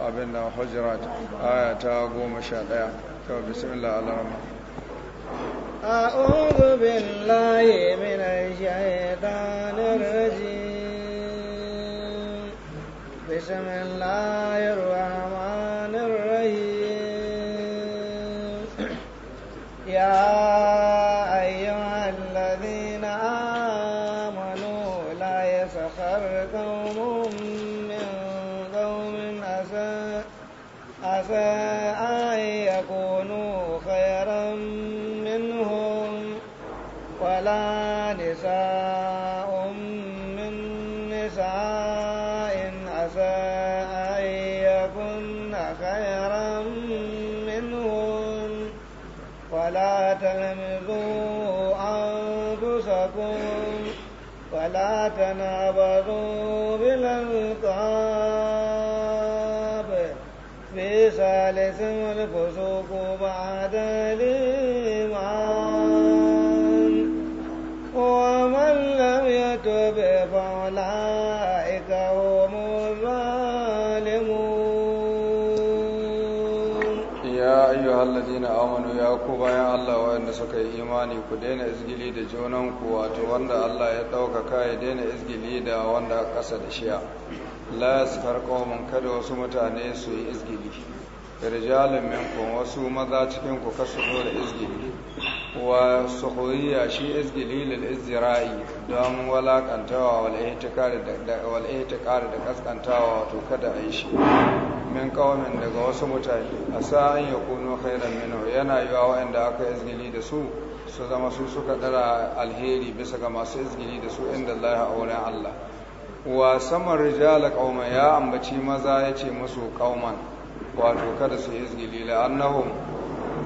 abin nan hujurat aya ta goma sha ɗaya to bismillah alama أعوذ بالله من الشيطان الرجيم بسم الله الرحمن نعبدوا بالألقاب في ثالث الفسوق بعد ذلك ku bayan Allah waɗanda suka yi imani ku daina izgili da junanku wato wanda Allah ya ɗaukaka ya daina izgili da wanda ƙasa da shiya la yaskar qaumun kada wasu mutane su yi izgili rijalun minkum wasu maza cikin ku kasu da izgili wa suhuriya shi izgili lil izra'i don walakantawa wal ihtikar da kaskantawa wato kada a yi shi min kawamin daga wasu mutane a sa'an ya kuno khairan mino yana yiwa wa'anda aka izgili da su su zama su suka dara alheri bisa ga masu izgili da su inda Allah a wurin Allah wa saman rijala qauma ya ambaci maza ya ce musu qauman wato kada su izgili la annahum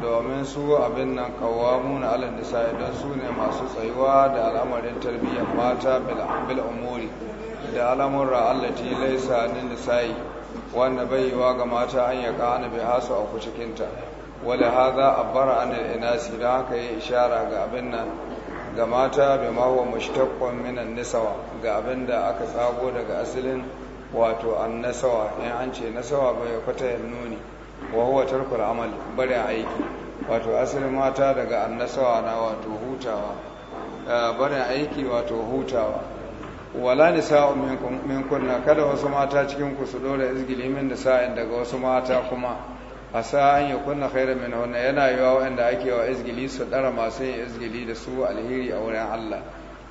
domin su abin nan qawamuna ala nisa don su ne masu tsayuwa da al'amarin tarbiyyar mata bil umuri da al'amurra allati laysa nisa'i wanda bai yiwa ga mata an ya ƙana bai hasu a ku cikinta wale haza abbara an inasi don haka yi ishara ga abin nan ga mata bai mawa mashtaqqun minan nisawa ga abin da aka tsago daga asalin wato an nasawa in an ce nasawa bai kwata yin nuni wa huwa tarkul amal bari aiki wato asalin mata daga an nasawa na wato hutawa eh, bari aiki wato hutawa wala nisa'u min kunna kada wasu mata cikin ku su dora izgili min da sa'in daga wasu mata kuma a sa'an ya kunna khairan min hunna yana yiwa wanda ake wa izgili su dara masu yin izgili da su alheri a wurin Allah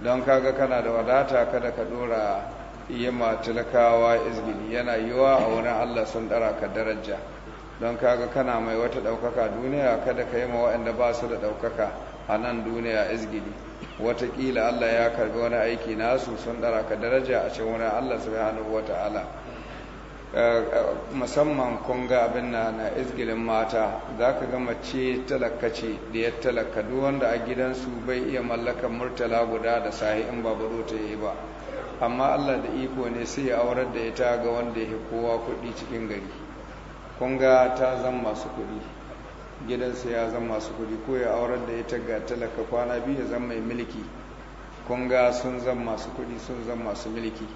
don kaga kana da wadata kada ka dora yima talakawa izgili yana yiwa a wurin Allah sun dara ka daraja don kaga kana mai wata ɗaukaka duniya kada ka yi ma waɗanda ba su da ɗaukaka. a nan duniya izgili watakila Allah ya karbi wani aiki nasu sun dara ka daraja a cikin wani Allah subhanahu wata'ala musamman kun ga abin na na izgilin mata za ka ga mace talaka da ya talaka duk wanda a gidansu bai iya mallakar murtala guda da sahi in babu budo ta yi ba amma Allah da iko ne sai ya aurar da ita ga wanda ya kowa kuɗi cikin gari kun ga ta zama masu kuɗi gidansa ya zama masu kudi ko ya aurar da ya ga talaka kwana biyu ya zama mai milki kunga sun zama masu kudi sun zama masu milki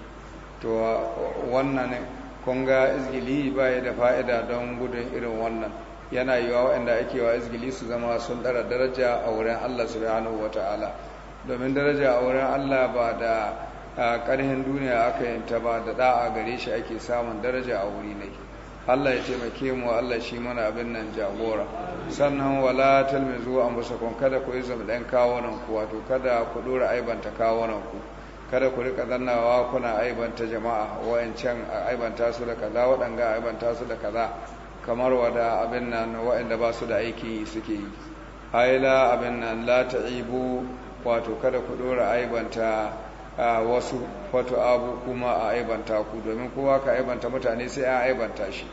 to wannan kunga izgili ba ya da fa'ida don gudun irin wannan yana yiwa waɗanda ake wa izgili su zama sun ɗara daraja a wurin allah subhanahu wata ta'ala domin daraja a wurin allah ba da ƙarhin duniya aka ta ba da ɗa'a gare shi ake samun daraja a wuri ne Allah ya taimake mu Allah shi mana abin nan jagora sannan wala talmizu anfusakum kada ku izam dan kawunan ku wato kada ku dora aibanta kawunan ku kada ku rika zannawa kuna aibanta jama'a wayancan aibanta su da kaza wadanga aibanta su da kaza kamar wada abin nan wayanda ba su da aiki suke yi aila abin nan la ta'ibu wato kada ku dora aibanta wasu wato abu kuma a aibanta ku domin kowa ka aibanta mutane sai an aibanta shi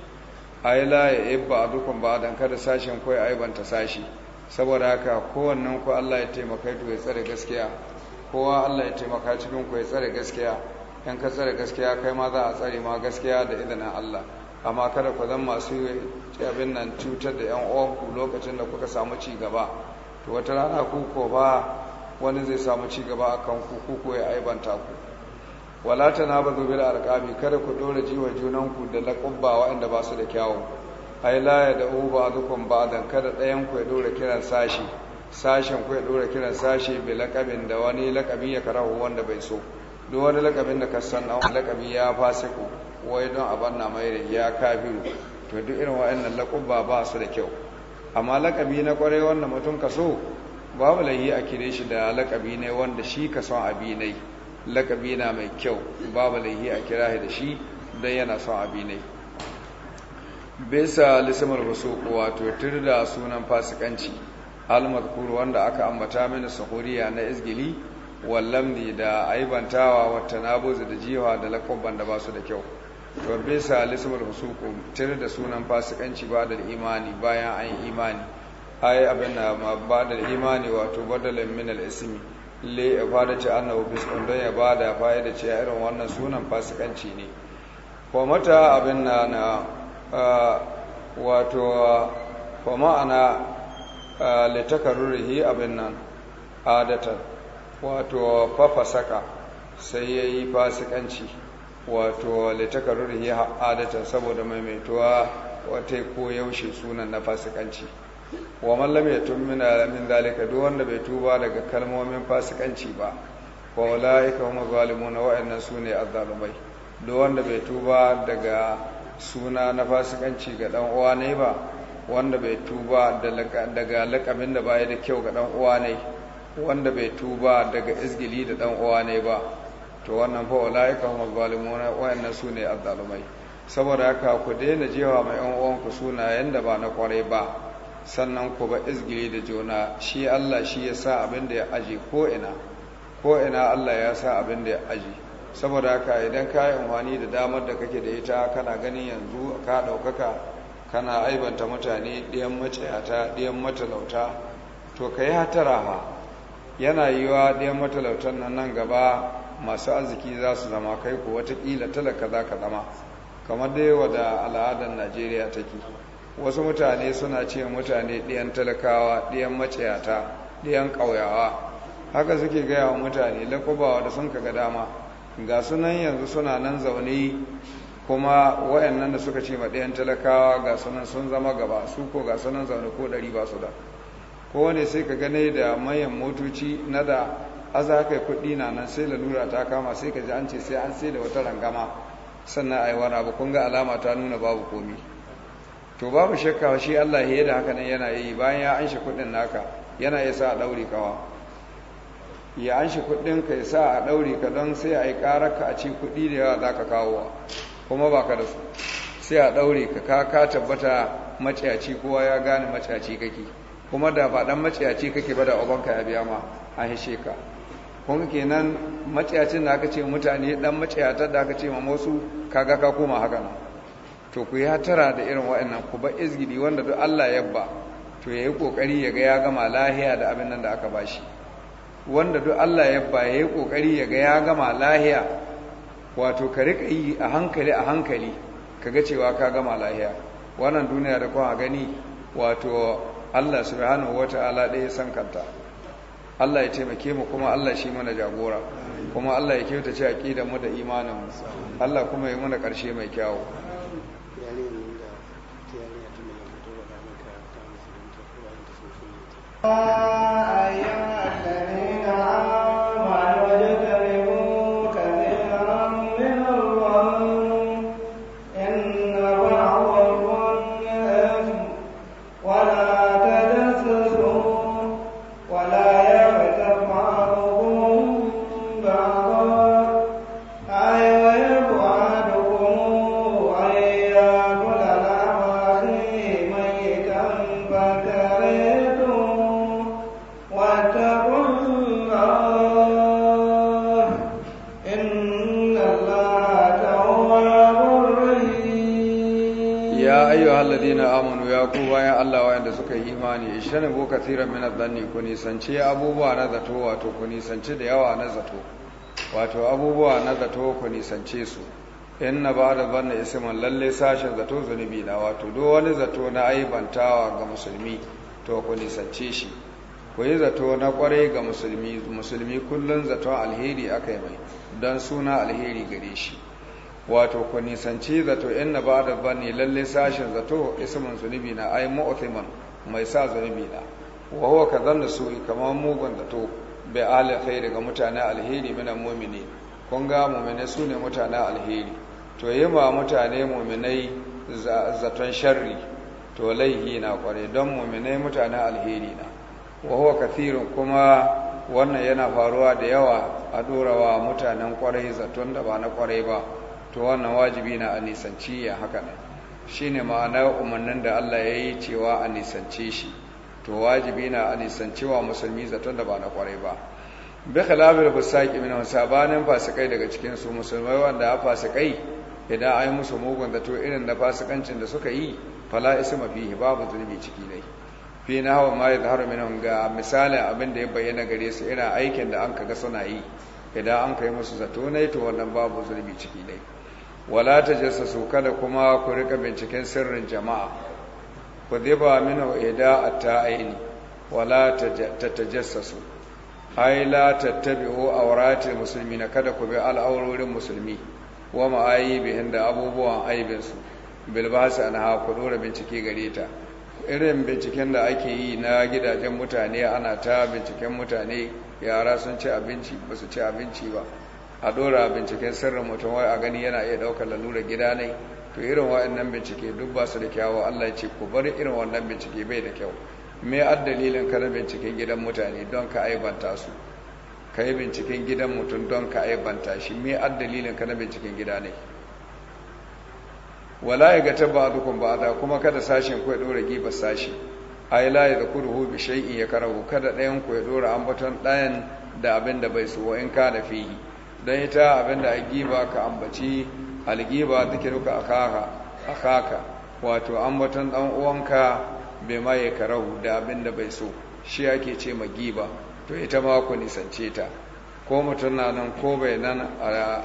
ai la ya ibba a dukkan ba dan kada sashen koyi aibanta sashi saboda haka kowannen ku Allah ya taimaka to ya tsare gaskiya kowa Allah ya taimaka cikin ku ya tsare gaskiya in ka tsare gaskiya kai ma za a tsare ma gaskiya da idanun Allah amma kada ku zan masu abin nan cutar da 'yan uwanku lokacin da kuka samu ci gaba to wata rana ku ko ba wani zai samu ci gaba akan ku ku ko ya aibanta ku wala tanabazu bil arqami kada ku dora jiwa junanku da laqabba waɗanda ba su da kyawu ai la ya da uba azukum ba'dan kada ɗayan ku ya dora kiran sashi sashen ku ya dora kiran sashi bi laqabin da wani laqabi ya karahu wanda bai so duk wani laqabin da ka san wani laqabi ya fasiku wai don a banna mai ya kafiru to duk irin waɗannan laqabba ba su da kyau amma laqabi na kwarai wannan mutum ka so babu lahi a kire shi da laqabi ne wanda shi ka son abi ne lakabi na mai kyau babu laihi a kira da shi don yana son abi ne bisa lissamar rasu wato tur da sunan fasikanci almadkur wanda aka ambata mini sahuriya na izgili wallamni da aibantawa wata nabuzi da jiwa da lakobban da ba su da kyau to bisa lissamar ku tur da sunan fasikanci ba da imani bayan an yi imani ai abin da ba da imani wato badalin min al-ismi le ce annabu fiskun don ya bada fa'ida ce irin wannan sunan fasikanci ne ko mata abin na na wato ko ma'ana litakarurihi abin nan adatan wato fafasaka sai ya yi fasikanci wato litakarurihi adatan saboda maimaituwa wata koyaushe sunan na fasikanci wa mallame tun mina min dalika duk wanda bai tuba daga kalmomin fasikanci ba wa ulaika hum na wa'annan ne azalumai duk wanda bai tuba daga suna na fasikanci ga dan uwa ne ba wanda bai tuba daga lakamin da baya da kyau ga dan uwa ne wanda bai tuba daga izgili da dan uwa ne ba to wannan fa ulaika hum na wa'annan ne azalumai saboda haka ku daina jewa mai yan uwanku sunayen da ba na kwarai ba sannan ku ba izgili da juna shi Allah shi ya sa abin da ya aji ko ina ko ina Allah ya sa abin da ya aji saboda haka idan ka yi amfani da damar da kake da ita kana ganin yanzu ka ɗaukaka kana aibanta mutane ɗiyan matsayata ɗiyan matalauta to ka yi hatara ha yana yiwa ɗiyan matalautan nan nan gaba masu arziki za su zama kai ko watakila talaka za ka zama kamar dai wada al'adar najeriya take wasu mutane suna ce mutane ɗiyan talakawa ɗiyan maciyata ɗiyan ƙauyawa haka suke gaya wa mutane lakubawa da sun kaga dama ga sunan yanzu suna nan zaune kuma wayannan da suka ce ma ɗiyan talakawa ga sunan sun zama gaba su ko ga sunan zaune ko ɗari ba su da kowane sai ka gane da manyan motoci na da aza kai kuɗi na nan sai lalura ta kama sai ka ji an ce sai an sai da wata rangama sannan a yi wani abu kun ga alama ta nuna babu komi to babu shakka shi Allah ya da haka nan yana yi bayan ya anshi kudin naka yana iya sa a ɗauri kawa ya anshi kudin ka ya sa a ɗauri ka don sai a yi karar ka a ci kudi da yawa za ka kawo kuma ba ka da su sai a ɗauri ka ka ka tabbata maciyaci kowa ya gane maciyaci kake kuma da ba dan maciyaci kake ba da ubanka ya biya ma an hishe ka kun kenan maciyacin da aka ce mutane dan maciyatar da aka ce ma wasu kaga ka koma haka nan to ku ya tara da irin wa'annan ku ba izgidi wanda duk Allah ya ba to yayi kokari ya ga ya gama lahiya da abin nan da aka bashi wanda duk Allah ya ba yayi kokari ya ga ya gama lahiya wato ka rika yi a hankali a hankali kaga cewa ka gama lahiya wannan duniya da kuma gani wato Allah subhanahu wataala ɗaya san kanta Allah ya taimake mu kuma Allah shi mana jagora kuma Allah ya kyautace aqidar mu da imanin mu Allah kuma ya mana ƙarshe mai kyawu يا الذين آمنوا ku nisanci abubuwa na zato wato ku nisanci da yawa na zato wato abubuwa na zato ku nisanci su in na ba da banna isimin lalle sashen zato zunubi na wato duk wani zato na aibantawa ga musulmi to ku nisanci shi ku yi zato na kwarai ga musulmi musulmi kullum zato alheri aka yi mai don suna alheri gare shi wato ku nisanci zato in na ba da ne lalle sashen zato isimin zunubi na ai mu'timan mai sa zunubi na wa huwa ka zanna kamar mugun da to bai ala khairi ga mutane alheri mina mu'mini kun ga mu'mini su ne mutane alheri to yi ma mutane mu'minai zaton sharri to laihi na kware don mu'minai mutane alheri na wa huwa kuma wannan yana faruwa da yawa a dorawa mutanen kwarai zaton da ba na kwarai ba to wannan wajibi na a nisanci ya haka ne Shi ne ma'ana umarnin da Allah ya yi cewa a nisance shi to wajibi na a wa musulmi zaton da ba na kwarai ba bi khilafin fasaki min sabanin fasikai daga cikin su musulmai wanda fasikai idan ai musu mugun to irin na fasikancin da suka yi fala isma fihi babu zulmi ciki ne fi na hawa ma ya minhum ga misalin abin da ya bayyana gare su ina aikin da an ga suna yi idan an kai musu zato ne to wannan babu zulmi ciki ne wala tajassasu kada kuma ku rika binciken sirrin jama'a ku min ida a ta'aini wala ta tajassasu ai la tattabi'u musulmi na kada ku bi al'aurorin musulmi wa ma'ayibihin da abubuwan aibinsu bil an ha ku dora bincike gare irin binciken da ake yi na gidajen mutane ana ta binciken mutane yara sun ci abinci ba su ci abinci ba a dora binciken sirrin mutum wai a gani yana iya ɗaukar lalura gida ne to irin wa'annan bincike duk ba su da kyawu Allah ya ce ku bari irin wannan bincike bai da kyau me ad dalilin ka na binciken gidan mutane don ka aibanta su ka yi binciken gidan mutum don ka aibanta shi me ad dalilin ka binciken gida ne wala ya gata ba dukun ba da kuma kada sashen ku ya dora giba sashi ai la ya zakuru bi shay'in ya karahu kada ɗayan ku ya dora ambaton ɗayan da abin da bai so in ka da fihi dan ita abin da a giba ka ambaci algiba ruka akaka akaka wato ambaton dan uwanka bai ma ya karahu da abin da bai so shi ake ce magiba to ita ma ku nisance ta ko mutum na nan ko bai nan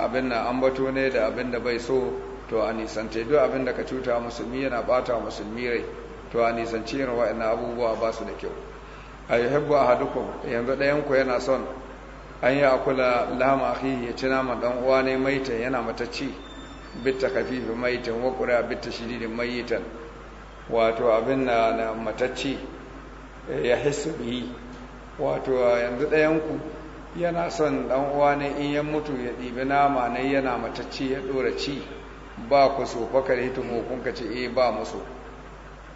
abin an ambato ne da abin da bai so to a nisance duk abin da ka cuta musulmi yana bata musulmi rai to a nisance yin wa'annan abubuwa ba su da kyau a yuhibbu ahadukum yanzu ɗayan ku yana son an yi akula lama akhi ya ci naman dan uwa ne maita yana matacci bitta kafifi maitan wa ƙura bitta shiridin maitan wato abin na na matacci eh, ya hisu bi wato yanzu ɗayanku yana son ɗan uwa ne in ya mutu ya ɗibi nama ne yana matacci ya ɗora ci ba ku so fakar hitin ka ce eh ba musu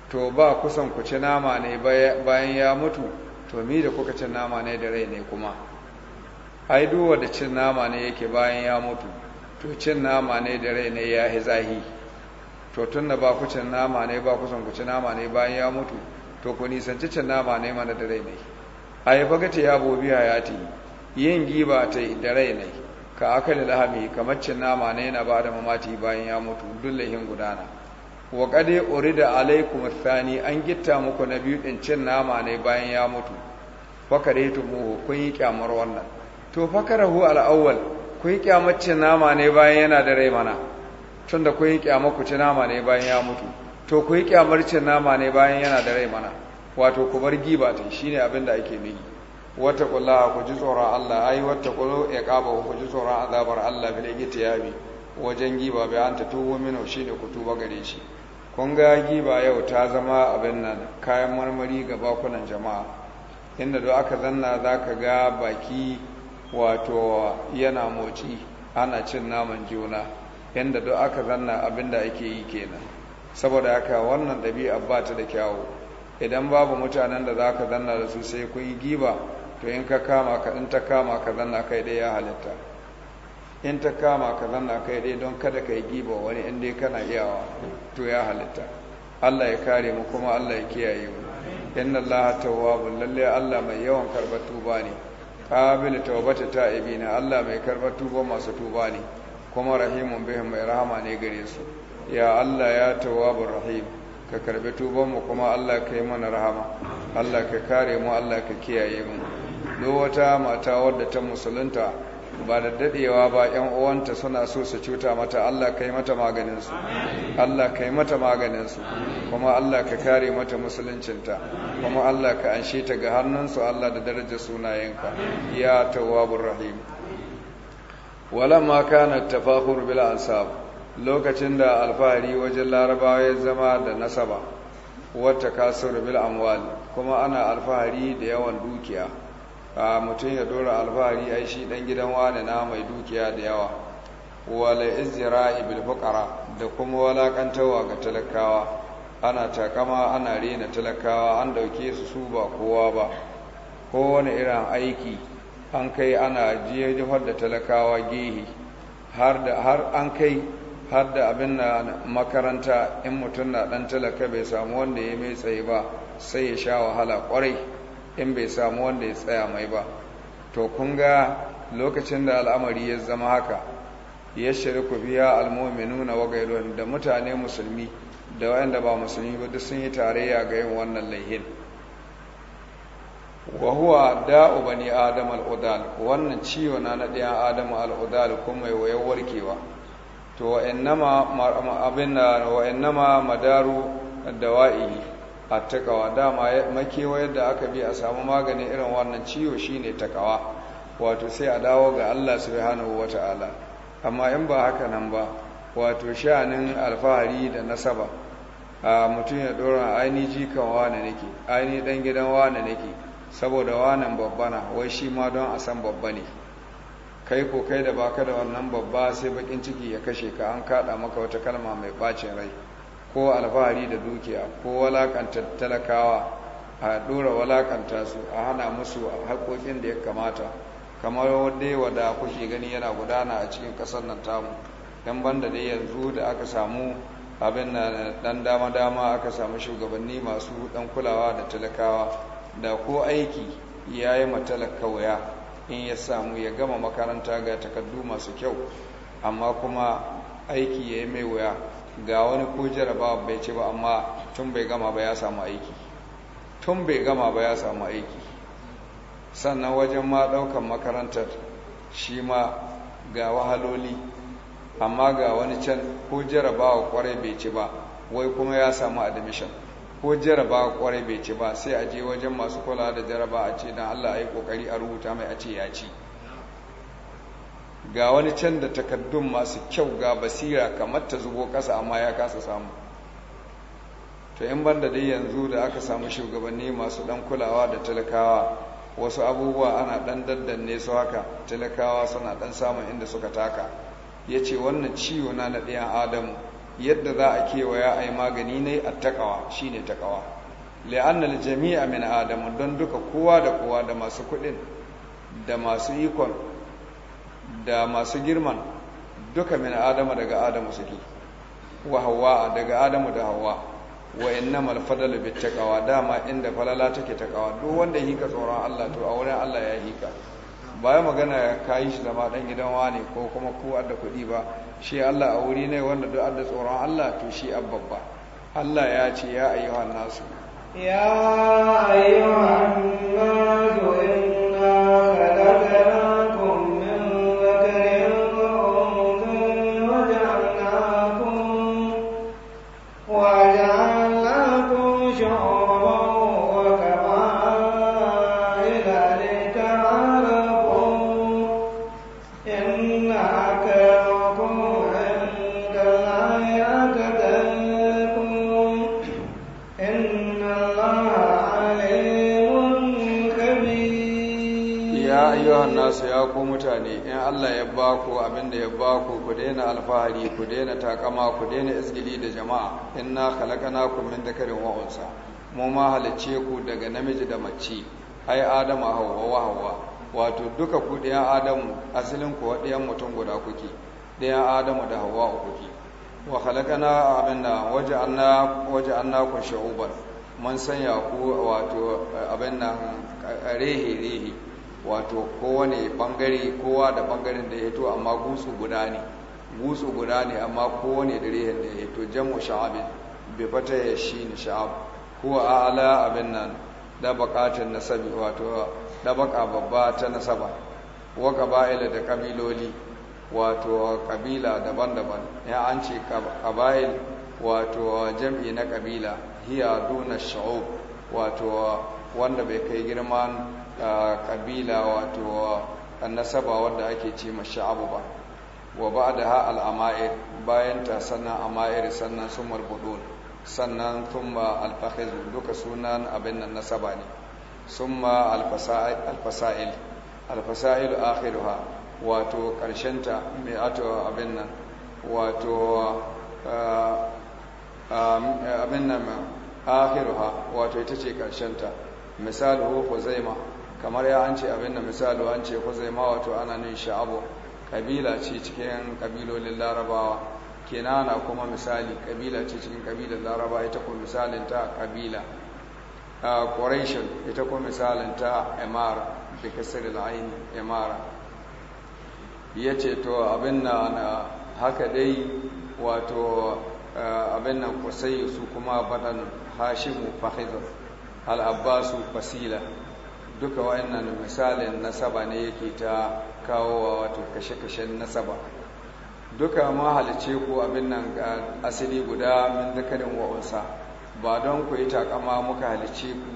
to ba kusan ku ci nama ne bayan ya mutu to mi da kuka ci nama ne da rai ne kuma ai duwa da cin nama ne yake bayan ya mutu to cin nama ne da rai ne ya yi zahi to tun da ba ku cin nama ne ba ku sanku ku nama ne bayan ya mutu to ku nisanci cin nama ne mana da rai ne a yi fagata ya bobi hayati yin giba ta da rai ne ka akali lahami kamar cin nama ne na ba da mamati bayan ya mutu dullahin gudana wa kade urida alaikum thani an gitta muku na biyu din cin nama ne bayan ya mutu fakare tumuhu kun yi kyamar wannan to fakarahu al-awwal ku yi kyamacin nama ne bayan yana da rai mana tun da ku yi kyama ku ci nama ne bayan ya mutu to ku yi kyamarcin nama ne bayan yana da rai mana wato ku bar giba ta shi ne abin da ake nuhi wata kula ku ji tsoron Allah ai wata kula ya kaba ku ji tsoron azabar Allah bil yabi wajen giba bai an ta tuwo mino shi ne ku tuba gare shi kun ga giba yau ta zama abin nan kayan marmari ga bakunan jama'a inda do aka zanna za ka ga baki wato yana moci ana cin naman juna yadda duk aka zanna abinda ake yi kenan saboda haka wannan ɗabi'a ba ta da kyawu idan babu mutanen da za ka zanna da su sai kun yi giba to in ka kama ka in ta kama ka zanna kai ɗaya ya halitta in ta kama ka zanna kai ɗaya don kada ka yi giba wani in dai kana iyawa to ya halitta Allah ya kare mu kuma Allah ya kiyaye mu inna Allah tawwabun lalle Allah mai yawan karɓar tuba ne qabil tawbata ta'ibina Allah mai karbar tuba masu tuba ne kuma rahimun bihim mai rahama ne gare su ya Allah ya tawwabur rahim ka karɓi tuban mu kuma Allah ka yi mana rahama Allah ka kare mu Allah ka kiyaye mu duk wata mata wadda ta musulunta ba da dadewa ba yan uwanta suna so su cuta mata Allah kai mata maganin su Allah kai mata maganin su kuma Allah ka kare mata musuluncinta kuma Allah ka anshe ta ga hannunsu Allah da darajar sunayenka ya tawwabur rahim ma kana tafakhur bil ansab lokacin da alfahari wajen larabawa ya zama da nasaba wata kasur bil amwal kuma ana alfahari da yawan dukiya A mutum ya dora alfahari ai shi dan gidan wane na mai dukiya da yawa wala izra'i bil fuqara da kuma walakantawa ga talakawa ana takama ana rena talakawa an dauke su su ba kowa ba kowane irin aiki an kai ana jefar da talakawa gehe har an kai har da abin na makaranta in mutum na dan talaka bai samu wanda ya mai tsaye ba sai ya sha wahala kwarai in bai samu wanda ya tsaya mai ba to kun ga lokacin da al'amari ya zama haka ya shirku biya almominu na wagailon da mutane musulmi da wanda ba musulmi ba duk sun yi tarayya ga yin wannan laihin wa huwa da'u bani adam al'udal wannan ciwo na na adam al'udal kuma mai wayar warkewa to wa'annama abin da wa'annama madaru dawa'i a takawa dama makewayar da aka bi a samu magani irin wannan ciwo shine takawa wato sai a dawo ga Allah subhanahu wata'ala amma in ba haka nan ba wato sha'anin alfahari da nasaba a mutum ya dora aini jikan wane nake aini dan gidan wane nake saboda wanan babba wai shi ma don a san babba ne kai ko kai da baka da wannan babba sai bakin ciki ya kashe ka an kada maka wata kalma mai bacin rai ko alfahari da dukiya ko walakanta talakawa a dora walakanta su a hana musu haƙoƙin da ya kamata kamar wanda ya da kuke gani yana gudana a cikin ƙasar nan tamu yan banda dai yanzu da aka samu abin na dan dama dama aka samu shugabanni masu ɗan kulawa da talakawa da ko aiki ya yi matalaka wuya in ya samu ya gama makaranta ga takardu masu kyau amma kuma aiki ya yi mai wuya ga wani ko jaraba bai ci ba amma tun bai gama ba ya samu aiki tun bai gama ba ya samu aiki sannan wajen ma daukan makarantar shi ma ga wahaloli amma ga wani can ko jarabawa kwarai bai ci ba wai kuma ya samu admission ko jarabawa kwarai bai ci ba sai a je wajen masu kula da jaraba a ce don allah a yi kokari a rubuta mai a ce ya ci ga wani can da takaddun masu kyau ga basira kamar ta zubo kasa amma ya kasa samu ta in banda dai yanzu da aka samu shugabanni masu dan kulawa da talakawa wasu abubuwa ana dan daddanne su haka talakawa suna dan samun inda suka taka ya ce wannan ciwo na na ɗayan adamu yadda za a kewaya ya' yi magani ne a takawa shi ne takawa li'annal jami'a min adamu don duka kowa da kowa da masu kuɗin da masu ikon da masu girman duka min adama daga adamu suke wa hawa daga adamu da hawa wa mal fadala bi taqwa dama inda falala take taqwa duk wanda hika tsoron Allah to a wurin Allah ya yi hika baya magana ya kai shi zama dan gidan wani ko kuma ko adda kuɗi ba shi Allah a wuri ne wanda duk adda tsoron Allah to shi abbabba Allah ya ce ya ayyuhan nasu ya ayyuhan nasu Allah ya ba ku abin da ya ba ku ku daina alfahari ku daina takama ku daina izgili da jama'a inna khalaqnakum min dhakarin wa unsa mu ma halice ku daga namiji da mace ai Adamu hawa wa hawa wato duka ku ɗayan adamu asalin ku ɗayan mutum guda kuke ɗayan adamu da hawa kuke wa khalaqana abinda waja'alna ku shu'uban mun sanya ku wato abin nan rehe rehe wato kowane bangare kowa da bangaren da ya to amma gutsu guda ne gutsu guda ne amma kowane da da ya to jamo sha'abin bai fata ya shi ni sha'ab ko a ala abin nan da bakatun nasabi wato da baka babba ta nasaba wa qaba'ila da kabiloli wato kabila daban-daban ya an ce qabail wato jam'i na kabila hiya duna sha'ub wato wanda bai kai girman kabila wato nasaba wadda ake ce ma sha'abu ba wa ba da ha al'ama'ir bayan ta sannan ama'ir sannan su marbudun sannan sun thumma alfahiz duka sunan abin nan nasaba ne sun summa alfasa'il alfasa'il ha wato karshenta mai ato abin nan wato abin nan ha wato ita ce karshenta misali huzaima kamar ya an ce abin da misali an ce kuzai ma wato ana nin sha'abu kabila ce cikin kabilolin larabawa kenana kuma misali kabila ce cikin kabilar laraba ita kuma misalin ta kabila quraishin ita kuma misalin ta emara da kasar emara ya ce to abin na haka dai wato abin nan kusai su kuma badan hashimu fahizar al'abba su fasila duka wa'annan misalin nasaba ne yake ta kawo wa wato kashe-kashen nasaba duka ma halice ku abin nan asali guda min zakarin wa'unsa ba don ku yi takama muka halice ku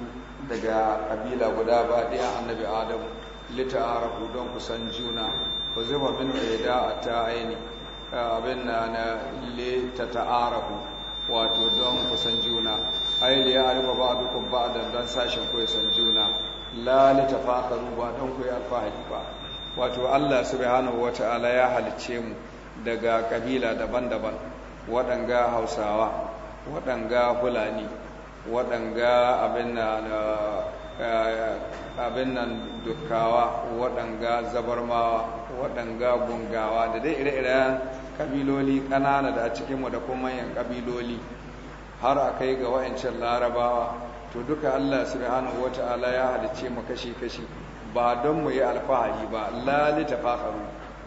daga kabila guda ba ɗaya annabi adam lita'arafu don ku san juna ku zuba min da ta aini abin na na lita'arafu wato don kusan juna Aili ya ba dukkan ba don sashen ko san juna la litafakaru ba don ku yi alfahari ba wato Allah subhanahu wata'ala ya halicce mu daga kabila daban-daban waɗanga Hausawa waɗanga Fulani waɗanga eh, abin nan dukkawa waɗanga zabarmawa waɗanga gungawa da dai ire-iren kabiloli ƙanana da a cikinmu da kuma yin kabiloli har a kai ga wa'ancin larabawa to duka Allah subhanahu wata'ala ya halice mu kashi kashi ba don mu yi alfahari ba lali tafakharu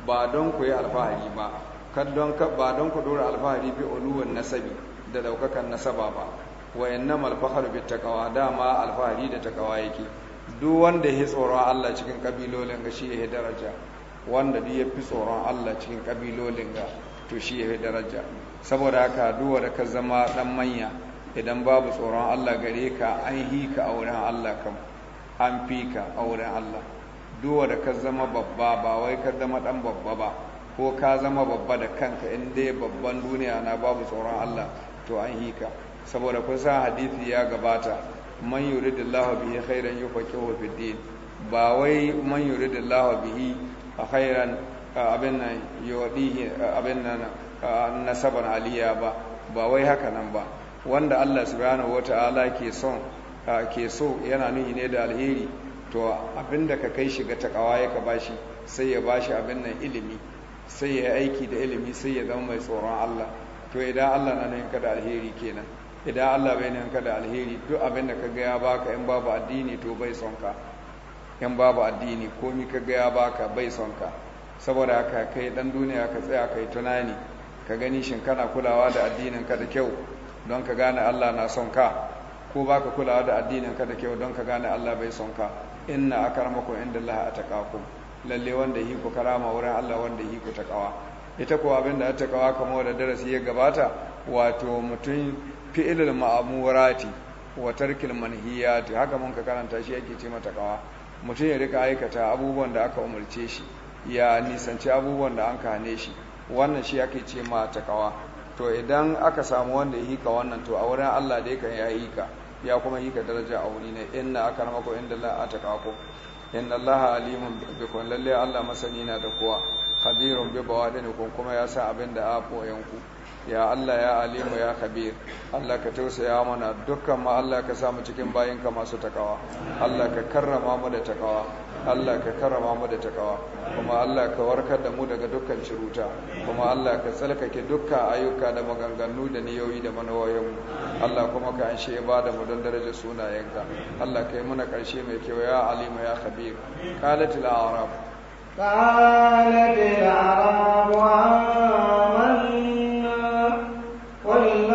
ba don ku yi alfahari ba ka ba don ku dora alfahari bi uluwan nasabi da daukakan nasaba ba wa innamal fakhru bi taqwa dama alfahari da taqwa yake duk wanda ya tsoron Allah cikin kabilolin ga shi ya daraja wanda duk ya fi tsoron Allah cikin kabilolin ga to shi ya daraja saboda haka duk wanda ka zama dan manya idan babu tsoron Allah gare ka an hi ka auren Allah kam an fi ka auren Allah duwa da ka zama babba ba wai ka zama dan babba ba ko ka zama babba da kanka in dai babban duniya na babu tsoron Allah to an hi ka saboda kun san hadisi ya gabata man yuridillahu bihi khairan yufaqihu fid din ba wai man yuridillahu bihi khairan abin nan abin nan nasaban aliya ba ba wai haka nan ba wanda Allah subhanahu wata'ala ke son ke so yana nuni ne da alheri to abinda ka kai shiga takawa ya ka bashi sai ya bashi abin nan ilimi sai ya aiki da ilimi sai ya zama mai tsoron Allah to idan Allah na nuna da alheri kenan idan Allah bai nuna da alheri duk abin da kaga ya baka in babu addini to bai son ka in babu addini komi kaga ya baka bai son ka saboda haka kai dan duniya ka tsaya kai tunani ka gani shin kana kulawa da addinin ka da kyau don ka gane Allah na son ka ko ba ka kulawa da addinin ka da kyau don ka gane Allah bai son ka inna akramakum indallahi ataqakum lalle wanda yi karama wurin Allah wanda yi ta kawa. ita kuwa abin da kawa kamar wadda darasi ya gabata wato mutum fi'ilul ma'amurati wa tarkil manhiyati haka mun ka karanta shi yake ce mata kawa mutum ya rika aikata abubuwan da aka umarce shi ya nisanci abubuwan da an kane shi wannan shi ake ce ma kawa. to idan aka samu wanda ya hika wannan to a wurin Allah da kan ya hika ya kuma hika daraja a wuri ne inna ko inda Allah ataqakum inna Allah alimun bikum lalle Allah masani na da kowa khabirun bi bawadinikum kuma ya sa abin da a yanku ya Allah ya alimu ya khabir Allah ka tausaya mana dukkan ma Allah ka samu cikin bayinka masu takawa Allah ka karrama mu da takawa Allah ka karama mu da takawa kuma Allah ka warkar da mu daga dukkan ciruta kuma Allah ka tsalkake dukkan ayyuka da maganganu da niyoyi da manawoyin mu Allah kuma ka anshe ibada mu don darajar sunayenka Allah ka yi muna karshe mai kyau ya alima ya khabir qalat al arab qalat al arab wa amanna qul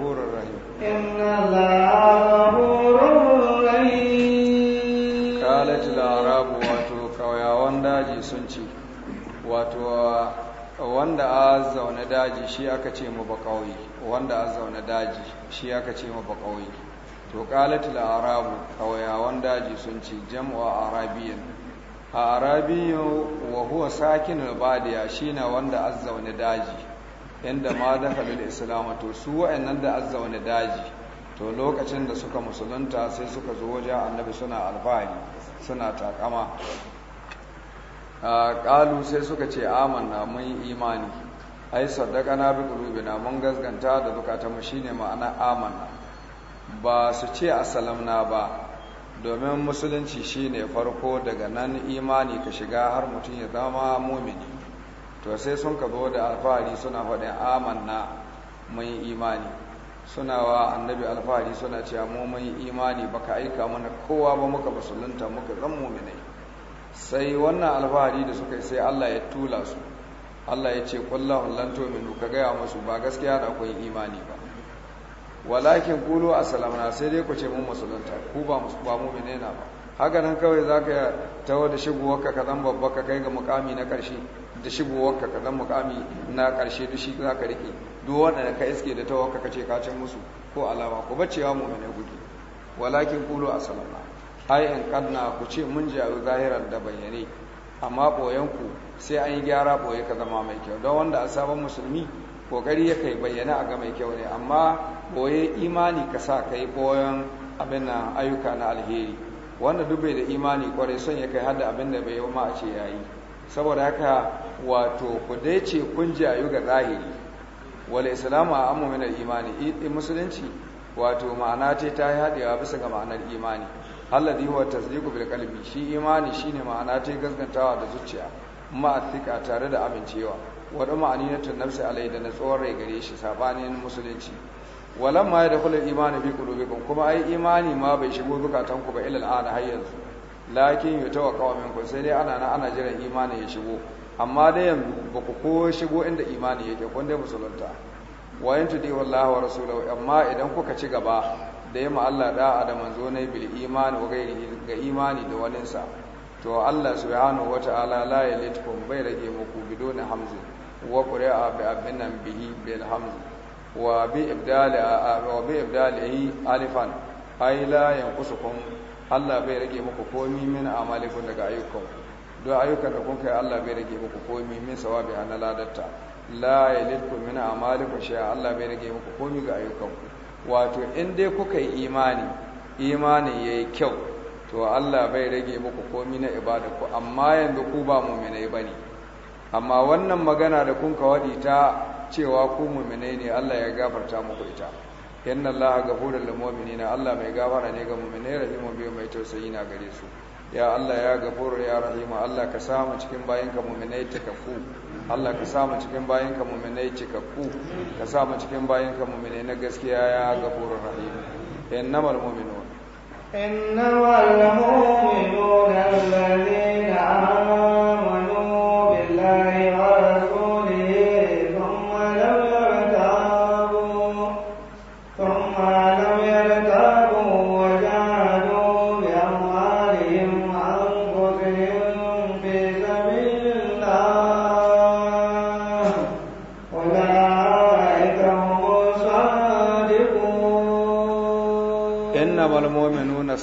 غفور رحيم إن الله غفور رحيم قالت الأعراب واتو wanda a zaune daji shi aka ce mu bakawai wanda a zaune daji shi aka ce mu bakawai to qalatul arabu kawayawan daji sun ce jam'u arabiyan a arabiyu wa huwa sakinul badiya shine wanda a zaune daji inda ma da halil islam to su wa'annan da azza wani daji to lokacin da suka musulunta sai suka zo wajen annabi suna alfahari suna takama ƙalu sai suka ce amanna mun yi imani ai na bi na mun gasganta da mu shine ma'ana Aman. ba su ce asalamna ba domin musulunci shine farko daga nan imani ka shiga har mutum ya zama mumini to sai sun ka zo da alfahari suna faɗin amanna mun imani suna wa annabi alfahari suna cewa mu mun yi imani baka aika mana kowa ba muka musulunta muka zan muminai sai wannan alfahari da suka yi sai Allah ya tula su Allah ya ce kullahu lan tu'minu ka gaya musu ba gaskiya da akwai imani ba walakin qulu aslamna sai dai ku ce mun musulunta ku ba mu'minai na ba haka nan kawai za ka tawo da shigowarka kaɗan babba ka kai ga mukami na ƙarshe da shigowarka kaɗan mukami na ƙarshe da shi za ka riƙe duk da ka iske da tawarka ka ce kacin musu ko alama ku bacewa mu mene gudu walakin kulu a salama ai an kanna ku ce mun jaru zahiran da bayyane amma ku sai an yi gyara boye ka zama mai kyau don wanda a sabon musulmi kokari ya kai bayyana a ga mai kyau ne amma boye imani ka sa ka yi abin ayyuka na alheri wanda duk da imani kwarai son ya kai hada abin da bai yi ma a ce ya yi saboda haka wato ku dai ce kun jayu ga zahiri wal islamu a amma minar imani musulunci wato ma'ana ce ta yi hadewa bisa ga ma'anar imani alladhi huwa tasdiqu bil qalbi shi imani shine ma'ana ta gaskantawa da zuciya ma tare da amincewa wa ma'ani na nafsi alai da na tsawon rai gare shi sabanin musulunci walam ya dakhul al-iman fi qulubikum kuma ai imani ma bai shigo zukatanku ba ilal an har yanzu lakin kawamin minkum sai dai ana ana jiran imani ya shigo amma dai yanzu ba ku ko shigo inda imani yake kun dai musulunta wa yantu di wallahi wa rasuluhu amma idan kuka ci gaba da yamma Allah da'a da manzo ne bil imani wa ga imani da walinsa to Allah subhanahu wata'ala la yalitkum bai rage muku bidona hamzi wa qura'a bi abinan bihi bil hamzi wa bi a ibdalihi alifan ai la yanqusukum Allah bai rage muku komi min amalikum daga ayyukan don ayyukan da kun kai Allah bai rage muku komi min sawabi an ladatta la yalidku min amalikum shay'a Allah bai rage muku komi ga ayyukan wato in dai kuka yi imani imani yayi kyau to Allah bai rage muku komi na ibada ku amma yanzu ku ba mu'minai bane amma wannan magana da kun ka wadi ta cewa ku mu'minai ne Allah ya gafarta muku ita inna Allah ghafurul lil mu'minina Allah mai gafara ne ga mu'minai rahimu bi mai tausayi na gare su ya Allah ya gafuru ya rahimu Allah ka samu cikin bayanka mu'minai takaffu Allah ka samu cikin bayanka mu'minai cikakku ka samu cikin ka mu'minai na gaskiya ya gafuru rahim innamal mu'minun innamal mu'minuna alladhina amanu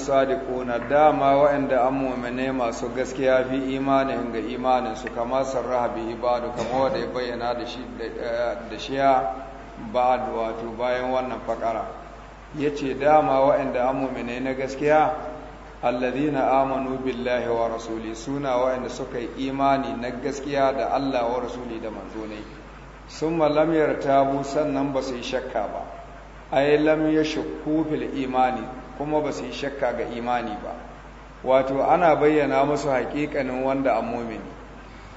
sadiquna dama waɗanda an mu'mine masu gaskiya fi imanin ga imanin su kama sarraha bi ibadu kama wanda ya bayyana da shi da eh, shiya ba wato bayan wannan fakara yace dama waɗanda an mu'mine na gaskiya alladhina amanu billahi wa rasuli suna waɗanda suka yi imani na gaskiya da Allah wa rasuli da manzo ne summa lam yartabu sannan ba su yi shakka ba ay lam yashku fil imani kuma ba su yi shakka ga imani ba wato ana bayyana musu haƙiƙanin wanda an momini.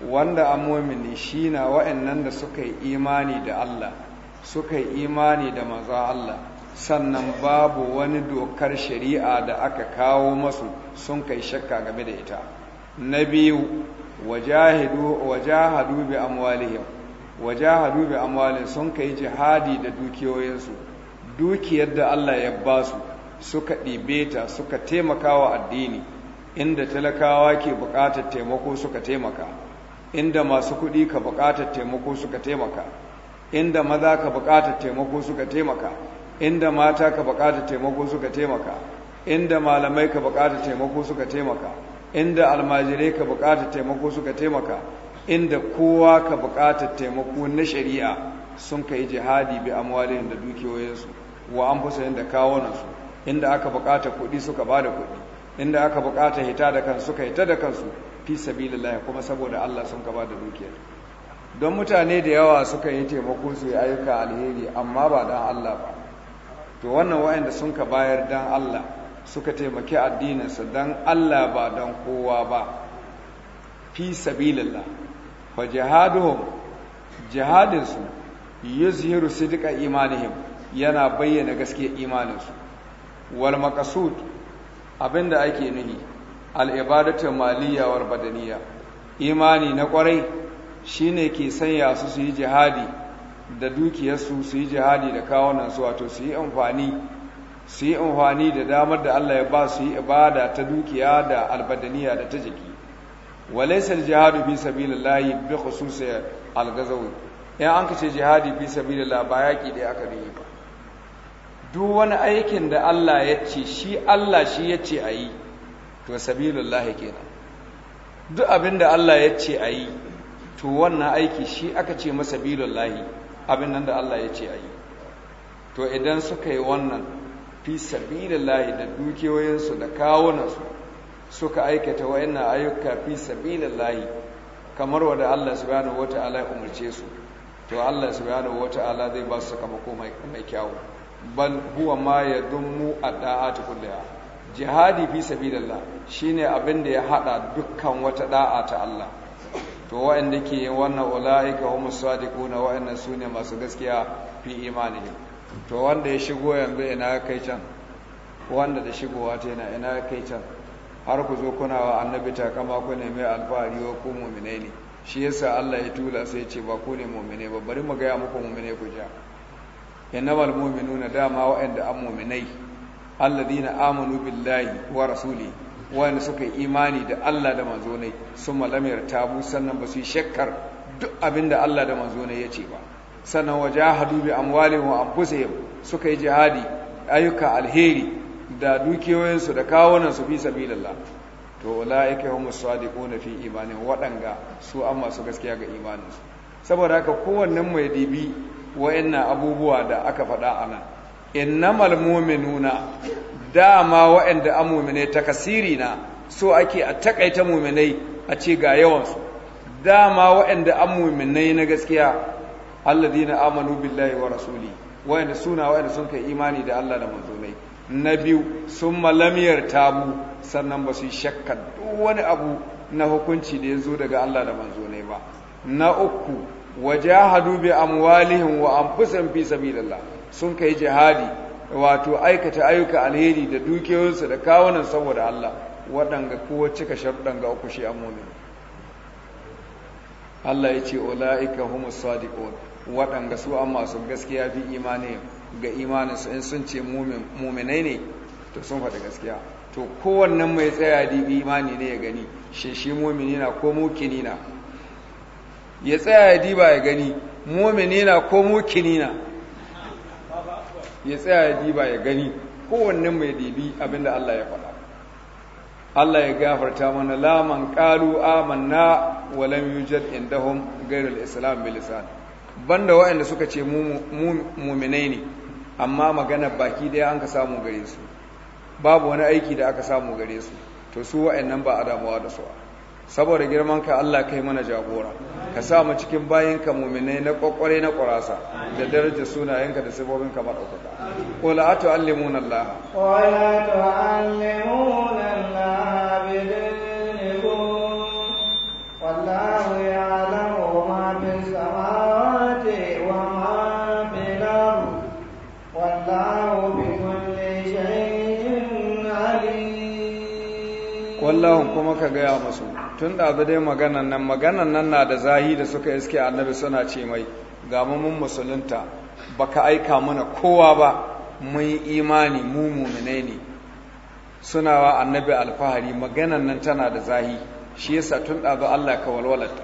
wanda an momini shi na wa'annan da suka yi imani da Allah suka yi imani da maza Allah sannan babu wani dokar shari'a da aka kawo masu sun kai shakka game da ita na biyu wajahadu bi amwalihim bi amwalin sun kai jihadi da dukiyoyinsu dukiyar da Allah ya basu. suka ɗibe ta suka taimaka wa addini inda talakawa ke buƙatar taimako suka taimaka inda masu kuɗi ka buƙatar taimako suka taimaka inda maza ka buƙatar taimako suka taimaka inda mata ka buƙatar taimako suka taimaka inda malamai ka buƙatar taimako suka taimaka inda almajirai ka buƙatar taimako suka taimaka inda kowa ka buƙatar taimako na shari'a sun kai jihadi bi amwalin da dukiyoyinsu wa an fusayin da kawunansu inda aka bukata kuɗi suka ba da kuɗi inda aka bukata hita da kansu suka hita da kansu fi sabilillah kuma saboda Allah sun ka ba da dukiyar don mutane da yawa suka yi taimako su yi ayyuka alheri amma ba dan Allah ba to wannan wa'anda sun ka bayar dan Allah suka taimaki addininsa dan Allah ba dan kowa ba fi sabilillah fa jihaduhum jihadinsu yuzhiru sidqa imanihim yana bayyana gaskiyar imaninsu wal maqsud abinda ake nuhi al ibadatu maliyya wal badaniyya imani na kwarai shine ke sanya su su yi jihadi da dukiyarsu su yi jihadi da kawunan su wato su yi amfani su yi amfani da damar da Allah ya ba su yi ibada ta dukiya da albadaniya da ta jiki walaysa al jihadu fi sabilillahi bi khususi al gazawi in an kace jihadi fi sabilillah ba yaki dai aka yi ba duk wani aikin da Allah ya ce shi Allah shi ya ce a yi to sabilullahi kenan duk abin da Allah ya ce a yi to wannan aiki shi aka ce masa bilullahi abin nan da Allah ya ce a yi to idan suka yi wannan fi sabilillahi da dukiyoyinsu da kawunansu suka aikata wayannan ayyuka fi sabilillahi kamar wanda Allah subhanahu wataala ya umarce su to Allah subhanahu wataala zai ba su sakamako mai kyawu bal huwa ma a da'a ta kulliya jihadi fi Shi ne abin da ya haɗa dukkan wata ɗa'a ta Allah to waɗanda ke yin wannan ula'ika humus sadiquna su ne masu gaskiya fi imanihim to wanda ya shigo yanzu ina kai can wanda da shigowa ta yana ina kai can har ku zo kuna wa annabi takama ku ne mai alfahari wa ku mu'minai ne shi yasa Allah ya tula sai ce ba ku ne mu'mine ba bari mu gaya muku mu'mine ku ja innamal na dama wa'anda an mu'minai alladina amanu billahi wa rasuli wa'anda suka yi imani da Allah da manzo ne summa lam yartabu sannan ba su yi shakkar duk abinda Allah da manzo ne yace ba sannan wajahadu bi amwalihim wa anfusihim suka yi jihadi ayyuka alheri da dukiyoyinsu da kawunan su fi sabilillah to ulaika humus sadiquna fi imanin wadanga su amma su gaskiya ga imaninsu saboda haka kowannen mai dibi wa'annan abubuwa da aka faɗa a nan innamal mu'minuna dama wa'anda an mu'mine takasiri na so ake a takaita mu'minai a ce ga yawansu dama wa'anda an na gaskiya alladina amanu billahi wa rasuli wa'anda suna wa'anda sun kai imani da Allah da manzonai na biyu sun malamiyar tabu sannan ba su shakka duk wani abu na hukunci da ya zo daga Allah da manzonai ba na uku wajahadu bi amwalihim wa anfusihim fi sabilillah sun kai jihadi wato aikata ayyuka alheri da dukiyoyinsu da kawunan saboda Allah waɗanga kowa cika sharuɗan ga uku shi amomin Allah ya ce ula'ika humus sadiqun waɗanga su an masu gaskiya fi imani ga imaninsu in sun ce muminai ne to sun faɗi gaskiya to kowannen mai tsaya dibi imani ne ya gani shi shi mumini na ko mukini na ya tsaya ya diba ya gani mu'minina ko mukinina ya tsaya ya diba ya gani kowanne mai dibi abinda Allah ya faɗa Allah ya gafarta mana laman qalu amanna wa lam yujad indahum ghayrul islam bil lisan banda wa'anda suka ce mu'minai ne amma magana baki daya an ka samu gare su babu wani aiki da aka samu gare su to su wa'annan ba a da su ba. saboda girman ka Allah kai mana jagora ka sa mu cikin ka mu'minai na kokore na ƙurasa da darajar sunayenka da sifofin ka madaukaka qul allimuna Allah qul atu'allimuna Allah bidinikum wallahu ya'lamu ma fi samawati wa ma al ardh wallahu bi kulli shay'in alim wallahu kuma ka gaya musu tun abu dai maganan nan maganan nan na da zahi da suka iske annabi suna ce mai gama mun musulunta baka aika mana kowa ba mun imani mu ne suna wa annabi alfahari maganan nan tana da zahi shi yasa tun abu Allah ka walwalata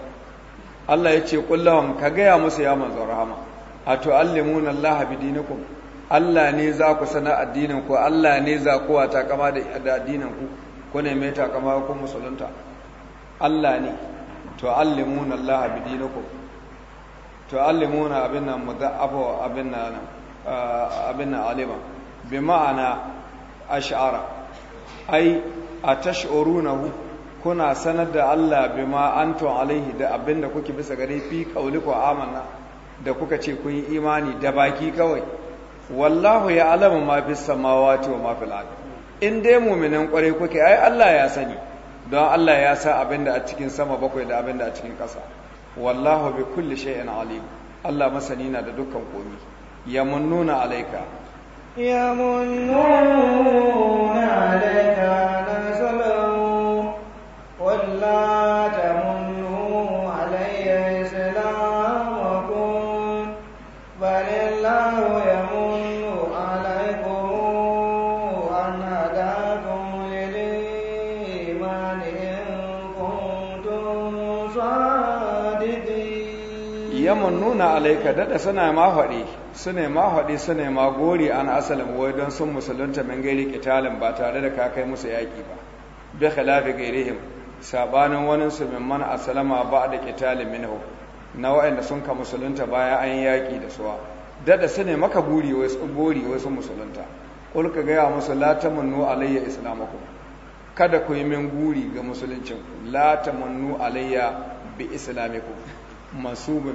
Allah ya ce kullahum ka gaya musu ya manzo rahama a allimuna Allah dinikum Allah ne za ku sana addinin ku Allah ne za ku wata kama da addinin ku ku ne mai takama ku musulunta Allah ne to allimuna Allah bi dinakum to allimuna abin nan mudaffa abin nan abin nan alima bi ma'ana ash'ara ai atash'urunahu kuna sanar da Allah bima antu alaihi da abin da kuke bisa gare fi qauliku amanna da kuka ce kun yi imani da baki kawai wallahu ya alama ma fis samawati wa ma fil ard in dai mu'minan kware kuke ai Allah ya sani don Allah ya sa abinda a cikin sama bakwai da abin a cikin ƙasa wallahu bi kulli shay'in alim Allah masani na da dukkan komi Ya alayka yamunnuna alayka nuna alaika dada suna ma faɗi suna ma faɗi suna ma gori an asalin wai don sun musulunta min gairi kitalin ba tare da ka kai musu yaƙi ba bi khilafi gairihim sabanin wani su min man asalama ba da kitalin minhu na wa'anda sun ka musulunta bayan an yaƙi da suwa dada suna maka buri wai sun wai sun musulunta kul ka gaya musu la tamannu alayya islamakum kada ku yi min guri ga musuluncin la tamannu alayya bi islamikum masubin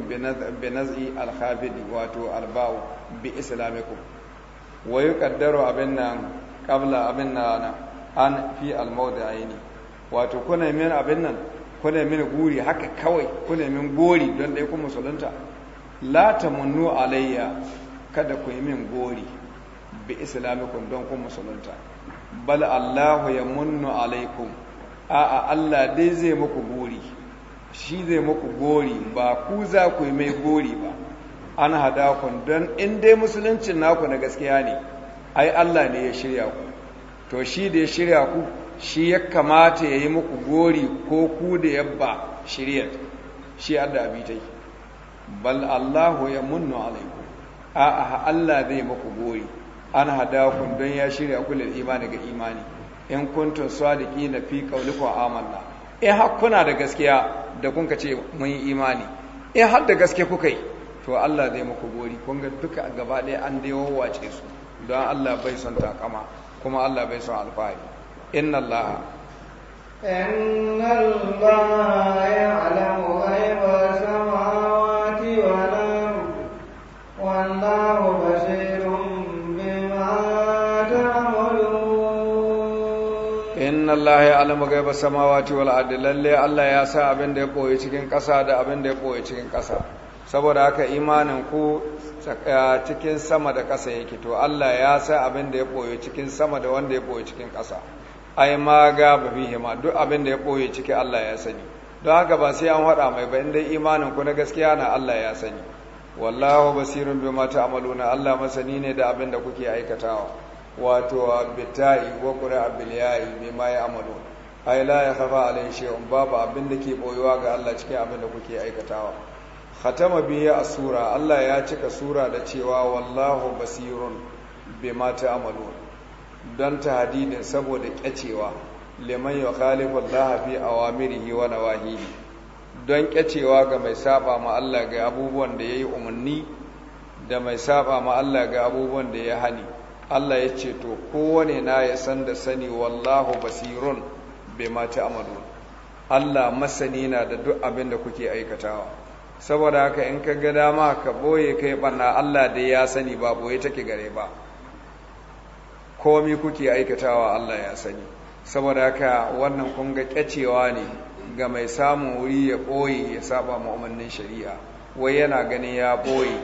binazi alhafidi wato albawu bi islamikum wa yi kaddaro abin nan kabla abin nan an fi almauda aini wato kuna min abin nan kuna min guri haka kawai kuna min gori don ɗaya kuma musulunta la munnu alayya kada ku yi min gori bi islamikum don kuma musulunta bal allahu ya munnu alaikum a'a allah dai zai muku gori shi zai muku gori ba ku za ku yi mai gori ba an hada ku don in dai musuluncin naku na gaskiya ne ai Allah ne ya shirya ku to shi da ya shirya ku shi ya kamata ya yi muku gori ko ku da ba shirya shi adda abitai bal Allahu ya munnu alaikum a'a Allah zai muku gori an hada ku don ya shirya ku lil imani ga imani in kuntum sadiqina fi qawlikum amanna in hakkuna da gaskiya da kun ka ce mun yi imani in eh, har da gaske kuka yi to Allah zai muku gori kun ga duka gaba ɗaya an dai wawace su don Allah bai son takama kuma Allah bai son alfahari inna Allah inna Allah ya'lamu ghaiba samawati wal ardi wallahu inna allaha ya'lamu ghaiba samawati wal ardi lalle allah ya sa abin da ya koyi cikin kasa da abin da ya koyi cikin kasa saboda haka imanin ku eh, cikin sama da kasa yake to allah ya sa abin da ya koyi cikin sama da wanda ya koyi cikin kasa ai ma ga bihi ma duk abin da ya koyi ciki allah ya sani don haka ba sai an haɗa mai ba in dai imanin ku na gaskiya na allah ya sani wallahu basirun bima ta'maluna allah masani ne da abin da kuke aikatawa wato abitai wa qura mai bima ya amalu ya a alai shehun babu abin da ke boyuwa ga Allah cikin abin da kuke aikatawa khatama biya a sura Allah ya cika sura da cewa wallahu basirun mata Amadu. don ta hadidin, saboda kyacewa liman ya yukhalifu lahafi fi awamirihi wa nawahihi don kyacewa ga mai saba ma Allah ga abubuwan da ya yi umarni da mai saba ma Allah ga abubuwan da ya hani Allah ya ce to kowane na ya san da sani wallahu basirun bai mati amadu. Allah masani na da duk abin da kuke aikatawa saboda haka in ka ga dama ka boye kai barna Allah da ya sani ba boye take gare ba komi kuke aikatawa Allah ya sani saboda haka wannan kun ga kyacewa ne ga mai samun wuri ya boye ya saba mu'minin shari'a wai yana ganin ya boye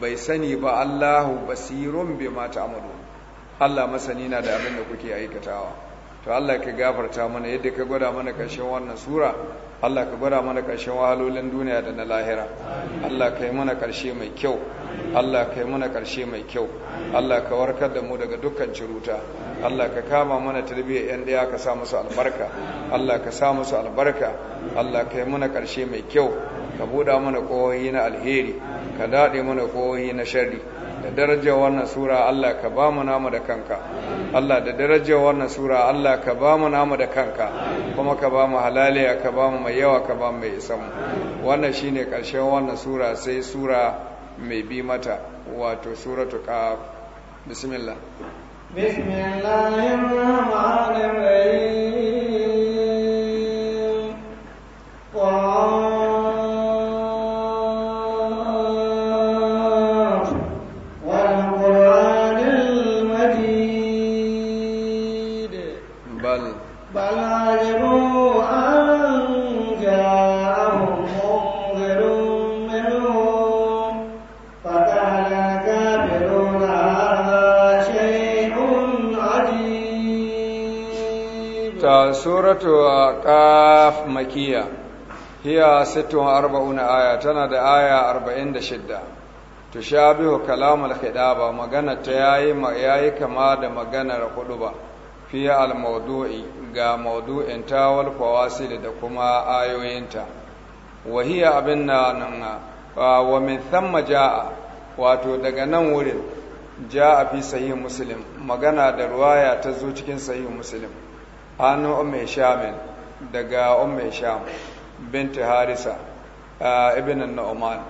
bai sani ba Allahu basirun bi ma ta'malun Allah masani na da abin da kuke aikatawa to Allah ka gafarta mana yadda ka gwada mana ƙarshen wannan sura Allah ka gwada mana ƙarshen wahalolin duniya da na lahira Allah ka yi mana ƙarshe mai kyau Allah ka yi mana ƙarshe mai kyau Allah ka warkar da mu daga dukkan ciruta Allah ka kama mana tarbiyyar yan daya ka sa musu albarka Allah ka sa musu albarka Allah ka yi mana karshe mai kyau ka buɗa mana ƙohohi na alheri ka daɗe mana ƙohohi na sharri da darajar wannan sura Allah ka ba mu namu da kanka Allah da darajar wannan sura Allah ka ba mu namu da kanka kuma ka ba mu halaliya ka ba mu mai yawa ka ba mu mai mu wannan shine karshen wannan sura sai sura mai bi mata wato suratu qaf bismillah bismillahir rahmanir rahim suratu qaf makiya hiya 46 aya tana da aya 46 tushabihu kalamul khidaba magana ta yayi yayi kama da magana maganar ba, fi al-mawdu'i ga mawdu'in tawal fawasil da kuma ayoyinta wa hiya abinna nan wa min thamma jaa wato daga nan wurin jaa fi sahih muslim magana da ruwaya ta zo cikin sahih muslim hannu umme shamin daga umme sham binti harisa ibn na'uman.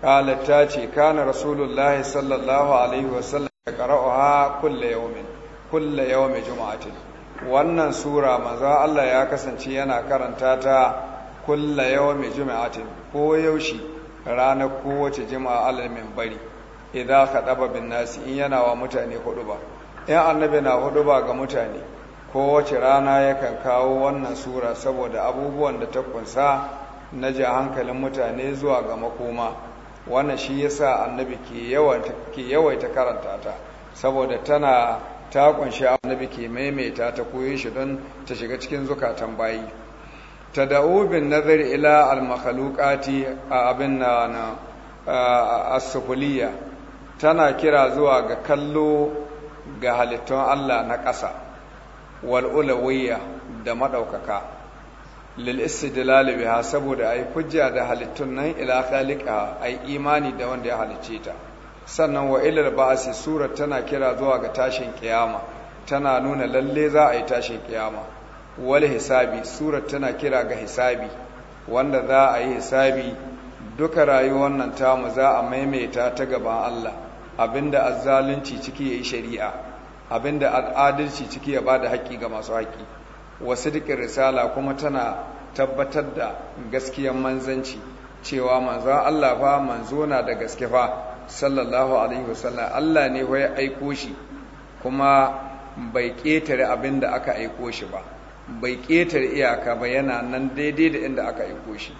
qalat ta ce kana rasulullahi sallallahu alaihi wasallam ya qara'uha kullu yawmin kullu yawmi juma'atin wannan sura maza Allah ya kasance yana karanta ta kullu yawmi juma'atin ko yaushe ranar kowace jima'a alamin bari, idan ka ɗaba bin nasi in yana wa mutane hudu ba in annabi na hudu ba ga mutane kowace rana yakan kawo wannan sura saboda abubuwan da ta kunsa na ji hankalin mutane zuwa ga makoma wannan shi yasa annabi ke yawaita karanta ta saboda tana ta kunshi annabi ke maimaita ta koyi shi don ta shiga cikin zukatan bayi tada'u bin nazar ila al-makhluqati abin na as tana kira zuwa ga kallo ga halittun Allah na ƙasa wal da maɗaukaka lil lalibi biha saboda ayi hujja da halittun nan ilaka-liƙa a yi imani da wanda ya halicce ta sannan wa ilal ba'si surar tana kira zuwa ga tashin kiyama tana nuna lalle za a yi tashin kiyama wal hisabi surar tana kira ga hisabi wanda za a yi hisabi duka rayuwar nan tamu za a maimaita ta gaban Allah abinda azzalunci ciki ya yi shari'a abinda adalci ciki ya bada haƙƙi ga masu haƙƙi wa sidqir risala kuma tana tabbatar da gaskiyar manzanci cewa manzo Allah fa manzo na da gaske fa sallallahu alaihi wasallam Allah ne ya aiko shi kuma bai ketare abinda aka aiko shi ba bai ketare iyaka ba yana nan daidai da inda aka aiko shi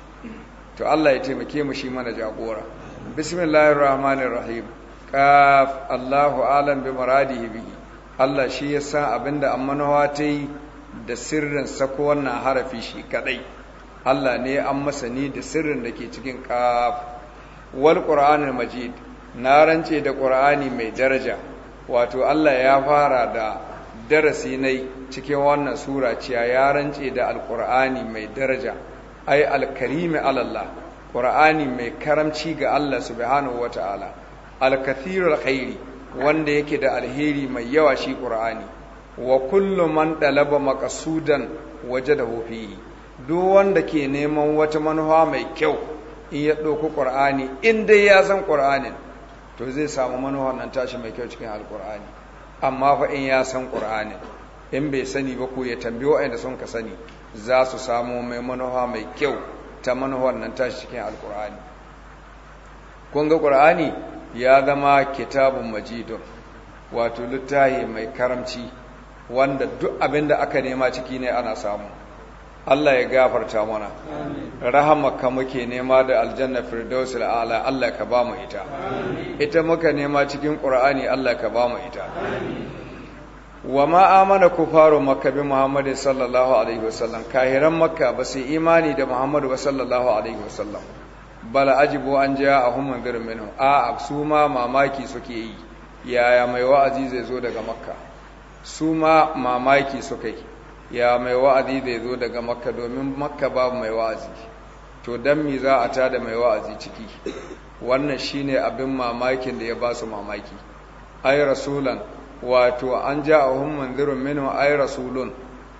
to Allah ya taimake mu shi mana jagora bismillahir rahmanir rahim qaf Allahu alam bi maradihi bihi Allah shi ya abin da amanawa ta yi da sirrin sako wannan harafi shi kadai Allah ne an masani da sirrin da ke cikin kaf wal qur'anul majid na rance da qur'ani mai daraja wato Allah ya fara da darasi ne cikin wannan sura ciya ya rance da alqur'ani mai daraja ai alkarimi alallah qur'ani mai karamci ga Allah subhanahu wataala alkathirul khairi wanda yake da alheri mai yawa shi ƙur'ani wa kullum man ɗalaba makasudan waje da hofi duk wanda ke neman wata manufa mai kyau in ya ɗauki ƙur'ani in dai ya san ƙur'anin to zai samu manufa nan tashi mai kyau cikin alƙur'ani amma fa in ya san ƙur'anin in bai sani ba ko ya tambayi waɗanda sun ka sani za su samu mai manufa mai kyau ta manufar nan tashi cikin alƙur'ani kun ga ƙur'ani ya zama kitabun majidun wato littahi mai karamci wanda duk abin da aka nema ciki ne ana samu Allah ya gafarta mana rahamaka muke nema da aljanna firdaus ala Allah ka ba mu ita ita muka nema cikin qur'ani Allah ka ba mu ita wa ma amana kufaru makka bi muhammadin sallallahu alaihi wasallam kahiran makka ba su imani da muhammadu sallallahu alaihi wasallam bala ajibu an ja a humman birin minu a su ma mamaki suke yi yaya mai wa'azi zai zo daga makka su ma mamaki suka yi ya mai wa'azi zai zo daga makka domin makka babu mai wa'azi to don mi za a da mai wa'azi ciki wannan shi ne abin mamakin da ya ba su mamaki ai rasulan wato an ja a hun manzirin minu ai rasulun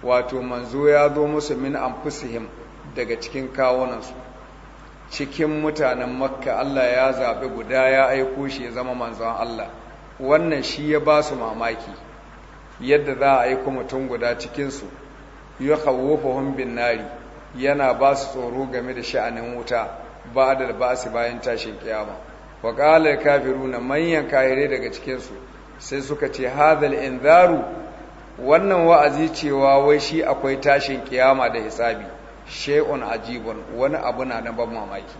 wato manzo ya zo musu min anfusihim daga cikin kawunansu cikin mutanen makka Allah ya zaɓi guda ya aiko shi ya zama manzon Allah wannan shi ya ba su mamaki yadda za a aiko mutum guda cikinsu ya kawo bin nari yana ba su tsoro game da sha'anin wuta ba da ba su bayan tashin kiyama wa ƙalar kafiru na manyan kahire daga cikinsu sai suka ce hadal inzaru wannan wa'azi cewa wai shi akwai tashin kiyama da hisabi shay'un ajibun wani abu na na ban mamaki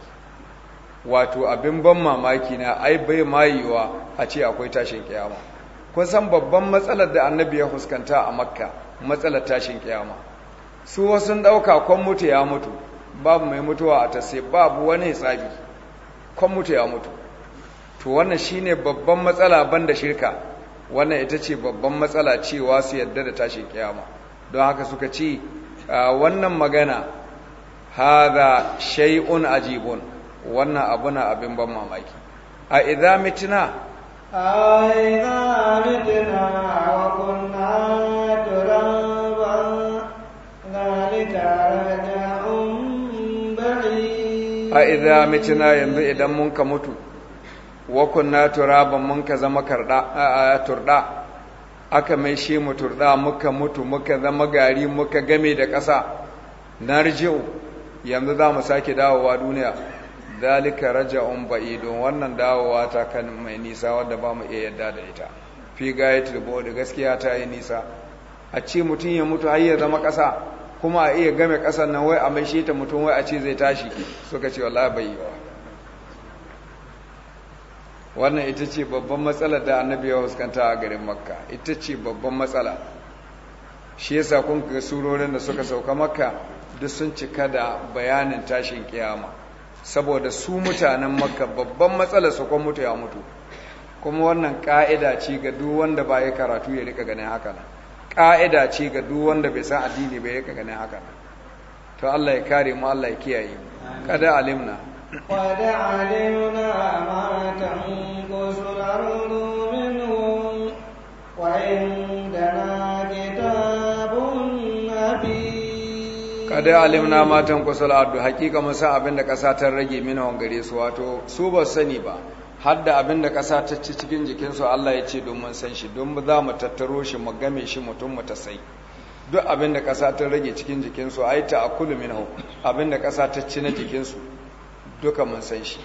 wato abin ban mamaki na ai bai mayewa a ce akwai tashin kiyama kun san babban matsalar da annabi ya fuskanta a makka matsalar tashin kiyama su wasu ɗauka kwan mutu ya mutu babu mai mutuwa a tasse babu wani hisabi kwan mutu ya mutu to wannan shine babban matsala banda shirka wannan ita ce babban matsala cewa su yadda da tashin kiyama don haka suka ce wannan magana hadha shay'un ajibun wannan abu na abin ban mamaki a idza mitna a idza mitna wa kunna turaba a idza mitna yanzu idan mun ka mutu wa kunna turaban mun ka zama karda turda aka mai shi mu turda muka mutu muka zama gari muka game da ƙasa narji'u yanzu za mu sake dawowa duniya dalika raja'un ba'idun wannan dawowa ta kan mai nisa wadda ba mu iya yadda da ita fi gayatul da gaskiya ta yi nisa a ce mutum ya mutu har ya zama ƙasa kuma a iya game ƙasar nan wai a mai shi ta mutum wai a ce zai tashi suka ce wallahi bai yi wa wannan ita ce babban matsala da annabi ya huskanta a garin makka ita ce babban matsala shi yasa kun ga surorin da suka sauka makka duk sun cika da bayanin tashin kiyama saboda su mutanen makka babban matsalar su kwan mutu ya mutu kuma wannan ka'ida ce ga duk wanda ba ya karatu ya rika ganin haka nan ka'ida ce ga duk wanda bai san addini bai rika ganin haka nan to Allah ya kare mu Allah ya kiyaye mu kada alimna قد علمنا ما تنقص wa inda na كتاب kadai alimna matan kusur ardu hakika mun san abin da ƙasa ta rage mina wangare su wato su ba sani ba har da abin da ƙasa ta ci cikin jikinsu Allah ya ce domin mun san shi don za mu tattaro shi mu game shi mutum mu ta sai duk abin da ƙasa ta rage cikin jikinsu a yi ta akulu mini abin da ƙasa ta ci na jikinsu duka mun san shi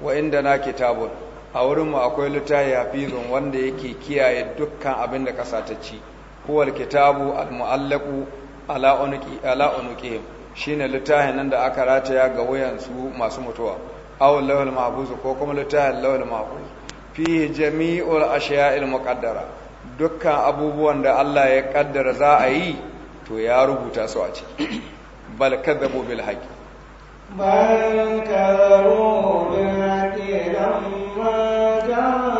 wa inda na kitabun a wurinmu akwai littafi hafizun wanda yake kiyaye dukkan abin da ƙasa ta ci huwal kitabu al-mu'allaqu ala unuki ala unuki shine littafin nan da aka rataya ga wayansu masu mutuwa awon lawal ma'abuzu, ko kuma littafin lawal ma'abuzu. fi jami'ul ashiya'il muqaddara dukkan abubuwan da Allah ya kaddara za a yi to ya rubuta su a ciki bal kadzabu bil haqq bal kadzabu bil lamma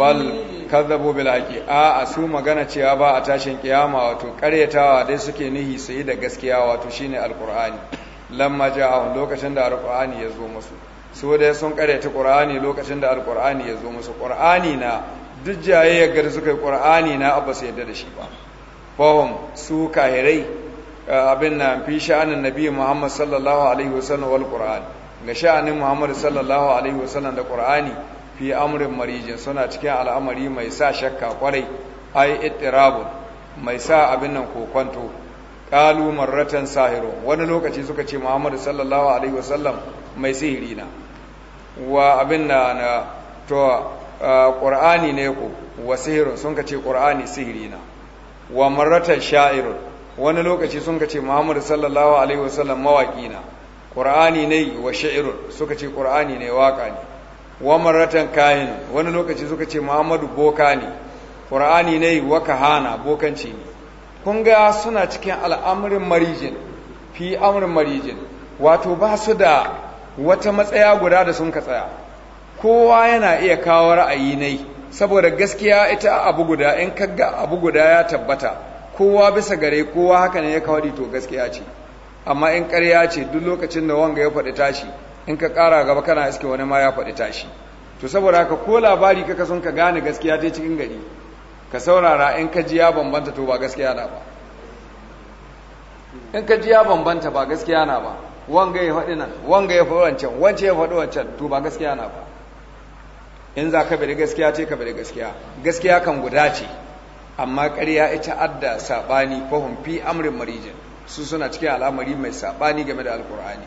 bal kazzabu bil haqi a su magana cewa ba a tashin kiyama wato karyatawa dai suke nihi sai da gaskiya wato shine alqur'ani lamma ja'a lokacin da alqur'ani ya zo musu so dai sun karyata qur'ani lokacin da alqur'ani ya zo musu qur'ani na duk ya gari suka qur'ani na abba su yadda da shi ba fahim su kahirai abin nan fi sha'anin nabi muhammad sallallahu alaihi wasallam wal qur'an ga sha'anin muhammad sallallahu alaihi wasallam da qur'ani fi amrin marijin suna cikin al'amari mai sa shakka kwarai ai ittirabun mai sa abin nan kokonto Ƙalumar marratan sahiro wani lokaci suka ce Muhammadu sallallahu alaihi wasallam mai sihiri na wa abin na na to Ƙur'ani ne ku wa sihirun sun ka ce qur'ani sihiri na wa marratan sha'irun wani lokaci sun ka ce Muhammadu sallallahu alaihi wasallam mawaƙi na Ƙur'ani ne wa sha'irun suka ce Ƙur'ani ne waka ne wa maratan kayan, wani lokaci suka ce muhammadu boka ne Kur'ani ne wa kahana bokanci ne kun ga suna cikin al'amarin marijin fi amurin marijin wato ba su da wata matsaya guda da sun ka tsaya kowa yana iya kawo ra'ayi nai, saboda gaskiya ita abu guda in kaga abu guda ya tabbata kowa bisa gare kowa haka ne ya kawo to gaskiya ce amma in karya ce duk lokacin da wanga ya faɗi tashi in ka ƙara gaba kana iske wani ma ya faɗi tashi to saboda haka ko labari kaka kasan ka gane gaskiya ta cikin gari ka saurara in ka ji ya bambanta to ba gaskiya na ba in ka ji ya bambanta ba gaskiya na ba wanga ya faɗi nan wanga ya faɗi wancan wancan ya faɗi wancan to ba gaskiya na ba in za ka bari gaskiya ce ka bari gaskiya gaskiya kan guda ce amma ƙarya ita adda saɓani fahimfi amrin marijin su suna cikin al'amari mai saɓani game da alƙur'ani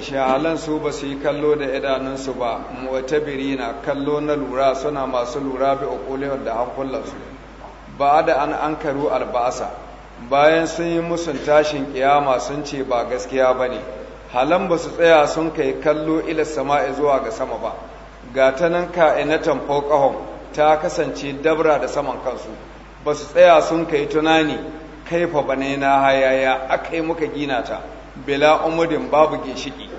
shahalan su ba su yi kallo da idanunsu ba mu'tabiri na kallo na lura suna masu lura bi uqulihum da hankulansu ba da an ankaru albasa bayan sun yi musun tashin kiyama sun ce ba gaskiya ba ne. halan ba su tsaya sun kai kallo ila sama'i zuwa ga sama ba ga ta nan ka'inatan fokahon ta kasance dabra da saman kansu ba su tsaya sun kai tunani kaifa ba ne na hayaya akai muka gina ta Bila umudin babu ginshiki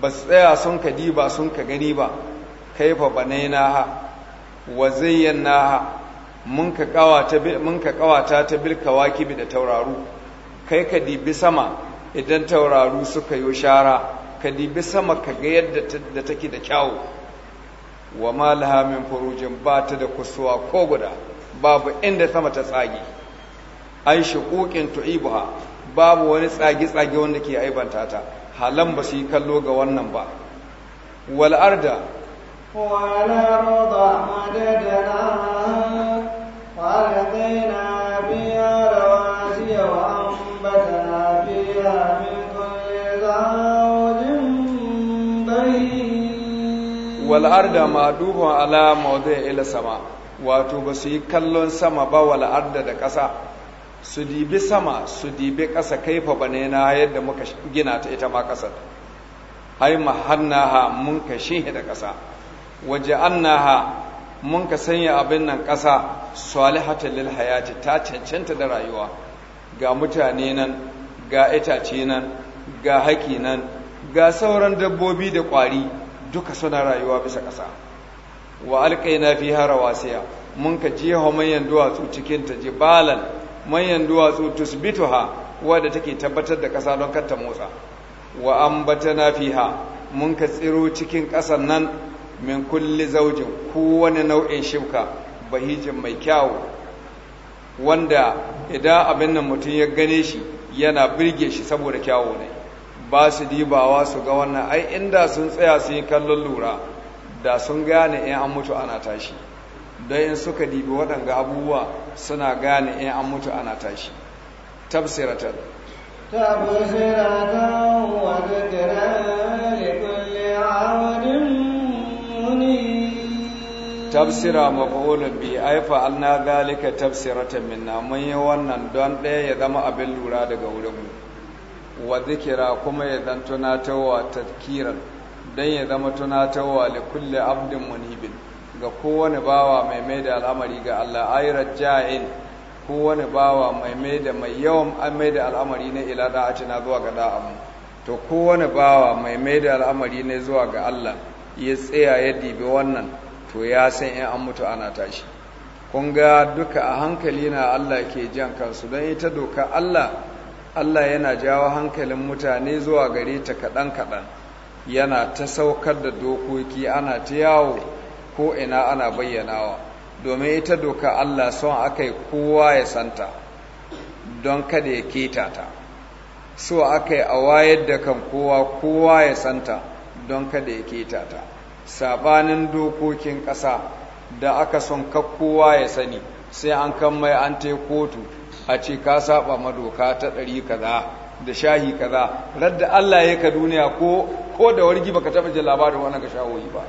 ba su tsaya sun ka diba sun ka gani ba kaifa banaina ha wa zayyana ha mun ka kawata ta bilkawa kibi da tauraru kai ka dibi sama idan tauraru suka yi shara ka dibi sama ka ga yadda da take da kyawu wa ma laha furujin ba ta da kusuwa ko guda babu inda sama ta tsage ai shuquqin tu'ibuha babu wani tsage-tsage wanda ke aibanta ta halan ba su yi kallo ga wannan ba wal'ar da wal'ar da biya biya ma duhun ala maudai ila sama wato ba su yi kallon sama ba wal'ar da ƙasa su dibi sama su dibi ƙasa kaifa bane na yadda muka gina ta ita ma ƙasar ai mahannaha mun ka shehe da ƙasa waje annaha mun ka sanya abin nan ƙasa salihatan lil hayati ta cancanta da rayuwa ga mutane nan ga itace nan ga haƙi nan ga sauran dabbobi da ƙwari duka suna rayuwa bisa ƙasa wa alƙaina fiha rawasiya mun ka wa manyan duwatsu cikin ta jibalan manyan duwatsu tusbituha wadda take tabbatar da ƙasa don kar motsa wa ambatana fiha mun ka tsiro cikin ƙasar nan min kulli zaujin kowane nau'in shibka bahijin mai kyawu wanda idan abin mutum ya gane shi yana birge shi saboda kyawu ne ba su dibawa su ga wannan ai inda sun tsaya su yi kallon lura da sun gane in an mutu ana tashi don suka dibi waɗanga abubuwa suna gane in an mutu ana tashi tafsiratan wa tafsira maf'ulun bi aifa alna dalika tafsiratan minna mun yi wannan don ɗaya ya zama abin lura daga wurinmu, wa zikira kuma ya zan tunatarwa tadkiran don ya zama tunatarwa da kulle 'abdin munibin ga kowane bawa mai mai da al'amari ga Allah ayrat ja'in kowane bawa mai mai da mai yawan an mai da al'amari ne ila a na zuwa ga da'amu to kowane bawa mai mai da al'amari ne zuwa ga Allah ya tsaya ya dibi wannan to ya san in an mutu ana tashi kun ga duka a hankali na Allah ke jan kansu don ita doka Allah Allah yana jawo hankalin mutane zuwa gare ta kaɗan-kaɗan yana ta saukar da dokoki ana ta yawo ko ina ana bayyanawa domin ita doka Allah son aka yi kowa ya santa don kada ya keta ta so aka yi a wayar da kan kowa kowa ya santa don kada ya keta ta sabanin dokokin ƙasa da aka son ka kowa ya sani sai an kan mai an te kotu a ce ka saba madoka ta ɗari kaza da shahi kaza radda Allah ya ka duniya ko da wargi baka taɓa jin labarin wannan ga shawoyi ba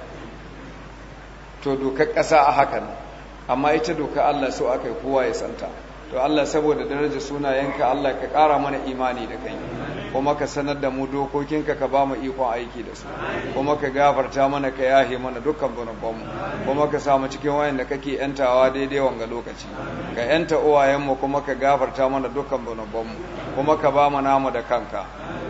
to dokar ƙasa a hakan amma ita doka Allah so aka yi kowa ya santa to Allah saboda daraja yanka, Allah ka ƙara mana imani da kai kuma ka sanar da mu dokokinka ka ba mu ikon aiki da su kuma ka gafarta mana ka yahe mana dukkan zunubanmu kuma ka samu cikin wayan da kake yantawa daidai wanga lokaci ka yanta uwayenmu kuma ka gafarta mana dukkan zunubanmu kuma ka ba mu namu da kanka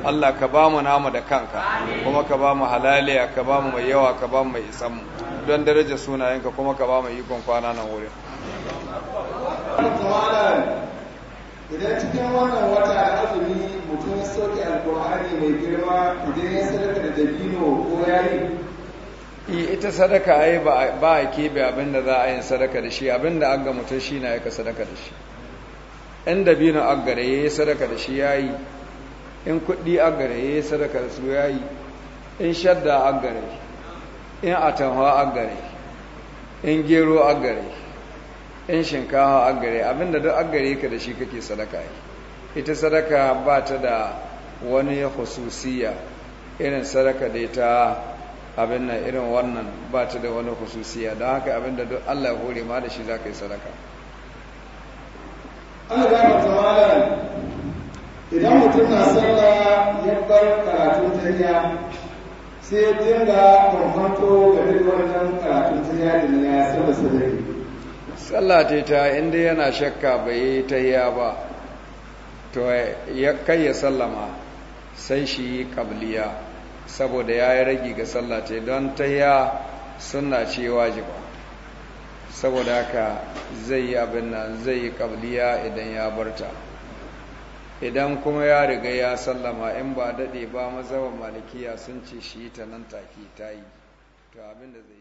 Allah ka ba mu namu da kanka kuma ka ba mu halaliya ka ba mu mai yawa ka ba mu mai isanmu don daraja sunayenka kuma ka ba mu ikon kwana nan wurin idan cikin wannan wata azumi mutum ya soke alkur'ani mai girma idan ya sadaka da dabino ko yayi eh, ita sadaka ai ba a keɓe abin da za a yin sadaka da shi abin da an ga mutum shi na yaka sadaka da shi in dabino an gare ya yi sadaka da shi ya yi in kuɗi an gare ya yi sadaka da su ya yi in shadda an gare in atamwa a gare in gero a gare in shinkawa a gare abinda duk a gare ka da shi kake sadaka yi ita sadaka ba ta da wani hususiya irin sadaka da ta abin nan irin wannan ba ta da wani hususiya don haka abinda duk Allah ya hore ma da shi za ka yi sadaka idan mutum na sallah ya bar karatun tariya sai dinga kwamfanto game da wannan karatun ta yi na ya saba sadari sallah ta ta inda yana shakka bai yi ta yi ba to ya kai ya sallama sai shi yi kabliya saboda ya yi ragi ga sallah ta don ta yiya suna ce wajiba saboda haka zai yi abin nan zai yi kabliya idan ya barta idan kuma ya riga ya sallama in ba daɗe ba mazhaban malikiya sun ce shi ta nan take ta yi to abin da zai